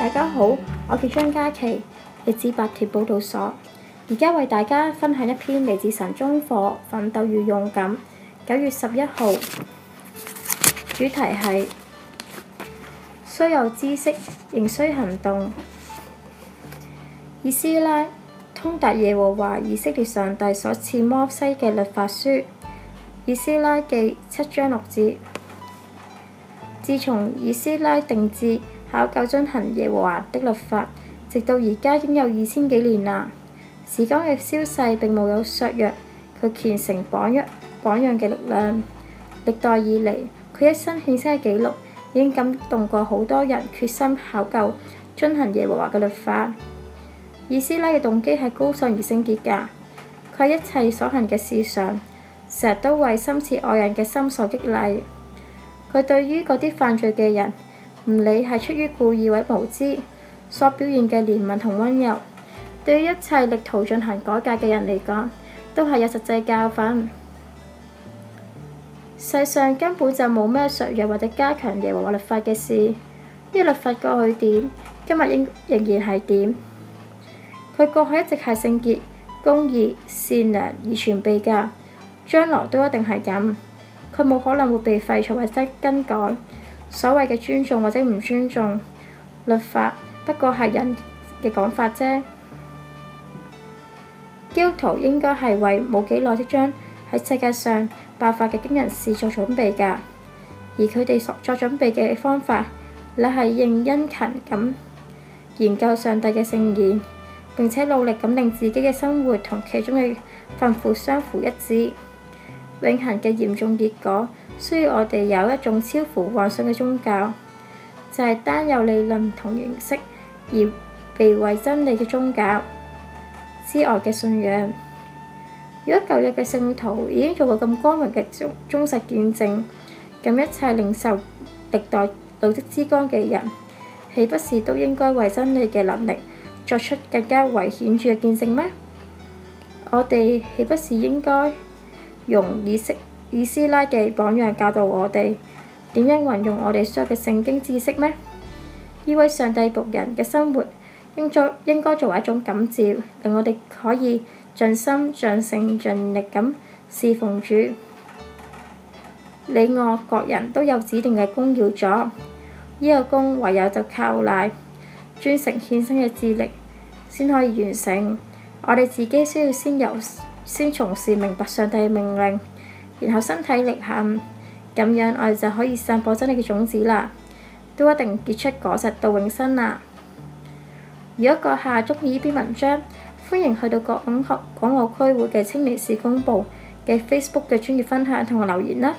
大家好，我叫張嘉琪，嚟自白鐵報道所。而家為大家分享一篇嚟自神中火，奮鬥與勇敢。九月十一號，主題係雖有知識，仍須行動。以斯拉通達耶和華以色列上帝所賜摩西嘅律法書。以斯拉記七章六節，自從以斯拉定志。考究遵行耶和華的律法，直到而家已經有二千幾年啦。時間嘅消逝並冇有削弱佢虔誠榜樣榜樣嘅力量。歷代以嚟，佢一生獻身嘅記錄已經感動過好多人決心考究遵行耶和華嘅律法。以斯拉嘅動機係高尚而聖潔㗎。佢喺一切所行嘅事上，成日都為深切愛人嘅心所激勵。佢對於嗰啲犯罪嘅人，唔理係出於故意或無知，所表現嘅憐憫同溫柔，對一切力圖進行改革嘅人嚟講，都係有實際教訓。世上根本就冇咩削弱或者加強耶和華律法嘅事，呢、這個、律法過去點，今日仍然係點。佢過去一直係聖潔、公義、善良而全備噶，將來都一定係咁。佢冇可能會被廢除或者更改。所謂嘅尊重或者唔尊重律法，不過係人嘅講法啫。基督徒應該係為冇幾耐即將喺世界上爆發嘅驚人事做準備㗎，而佢哋所作準備嘅方法，你係應殷勤咁研究上帝嘅聖言，並且努力咁令自己嘅生活同其中嘅吩咐相符一致。永恆嘅嚴重結果，需要我哋有一種超乎幻想嘅宗教，就係單有理論同形式而被為真理嘅宗教之外嘅信仰。如果舊日嘅聖徒已經做過咁光明嘅忠忠實見證，咁一切領受歷代道德之光嘅人，豈不是都應該為真理嘅能力作出更加危險著嘅見證咩？我哋豈不是應該？用以色以斯拉嘅榜樣教導我哋點樣運用我哋需要嘅聖經知識。呢呢位上帝僕人嘅生活應作應該作爲一種感召，令我哋可以盡心、盡性、盡力咁侍奉主。你我各人都有指定嘅工要做，呢、這個工唯有就靠賴專誠獻身嘅智力先可以完成。我哋自己需要先有。先從事明白上帝命令，然後身體力行，咁、嗯、樣我哋就可以散播真理嘅種子啦，都一定結出果實到永生啦。如果閣下鍾意呢篇文章，歡迎去到廣學港澳區會嘅青年事工部嘅 Facebook 嘅專業分享同我留言啦。